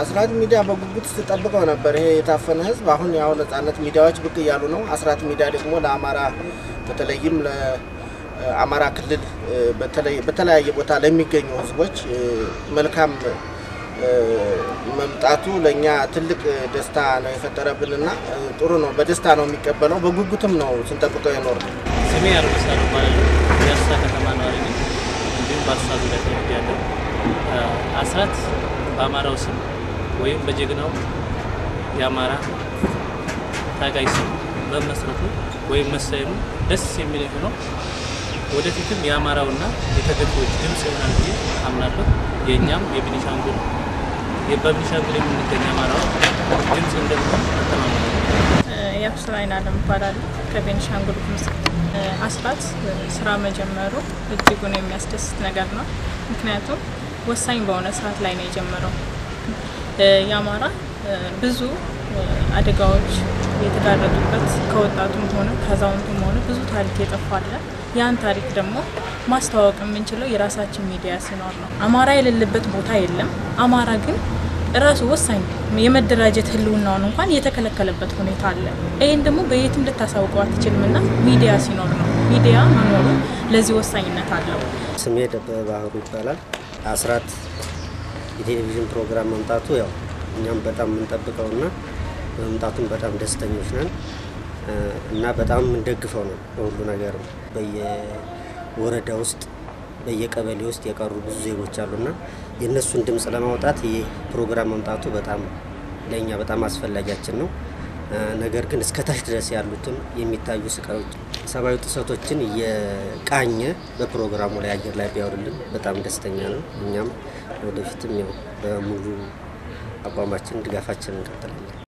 አስራት ሚዲያ በጉጉት ስጠብቀው ነበር። ይሄ የታፈነ ህዝብ አሁን ያው ነጻነት ሚዲያዎች ብቅ እያሉ ነው። አስራት ሚዲያ ደግሞ ለአማራ በተለይም ለአማራ ክልል በተለያየ ቦታ ለሚገኙ ህዝቦች መልካም መምጣቱ ለእኛ ትልቅ ደስታ ነው የፈጠረብን የፈጠረብንና ጥሩ ነው። በደስታ ነው የሚቀበለው። በጉጉትም ነው ስንጠብቀው የኖር ነው። ስሜ አርበሳ ነው ማለት ከተማ ነዋሪ ነኝ። እንዲሁም በአስራት ሚዲያ ያለ አስራት በአማራው ስም ወይም በጀግናው የአማራ ታጋይ ስም መመስረቱ ወይም መሰየኑ ደስ የሚል የሆነው ወደፊትም የአማራውና የተገቢዎች ድምፅ ይሆናል ብዬ አምናለሁ። የእኛም የቤኒሻንጉል በቤኒሻንጉል የምንገኝ አማራዎች ድምፅ እንደሚሆን አተማመነ። የአብስራይን አለም እባላለሁ ከቤኒሻንጉል ጉሙዝ አስራት ስራ መጀመሩ እጅጉን የሚያስደስት ነገር ነው። ምክንያቱም ወሳኝ በሆነ ሰዓት ላይ ነው የጀመረው። የአማራ ብዙ አደጋዎች የተጋረጡበት ከወጣቱም ሆነ ከአዛውንቱም ሆነ ብዙ ታሪክ የጠፋለ ያን ታሪክ ደግሞ ማስተዋወቅ የምንችለው የራሳችን ሚዲያ ሲኖር ነው። አማራ የሌለበት ቦታ የለም። አማራ ግን ራሱ ወሳኝ የመደራጀት ህልውናውን እንኳን የተከለከለበት ሁኔታ አለ። ይህን ደግሞ በየትም ልታሳውቀው አትችልምና ሚዲያ ሲኖር ነው። ሚዲያ መኖሩ ለዚህ ወሳኝነት አለው። ስሜ ደበበ ባህሩ ይባላል። አስራት የቴሌቪዥን ፕሮግራም መምጣቱ ያው እኛም በጣም የምንጠብቀው እና መምጣቱን በጣም ደስተኞች ነን እና በጣም የምንደግፈው ነው። በሁሉ ነገር በየወረዳ ውስጥ በየቀበሌ ውስጥ የቀሩ ብዙ ዜጎች አሉና የእነሱን ድምፅ ለማውጣት ይህ ፕሮግራም መምጣቱ በጣም ለእኛ በጣም አስፈላጊያችን ነው። ነገር ግን እስከታች ድረስ ያሉትም የሚታዩ ስቃዮች ሰብአዊ ጥሰቶችን እየቃኘ በፕሮግራሙ ላይ አየር ላይ ቢያውልልን በጣም ደስተኛ ነው። እኛም ወደፊትም ያው በሙሉ አቋማችን ድጋፋችን እንቀጥላለን።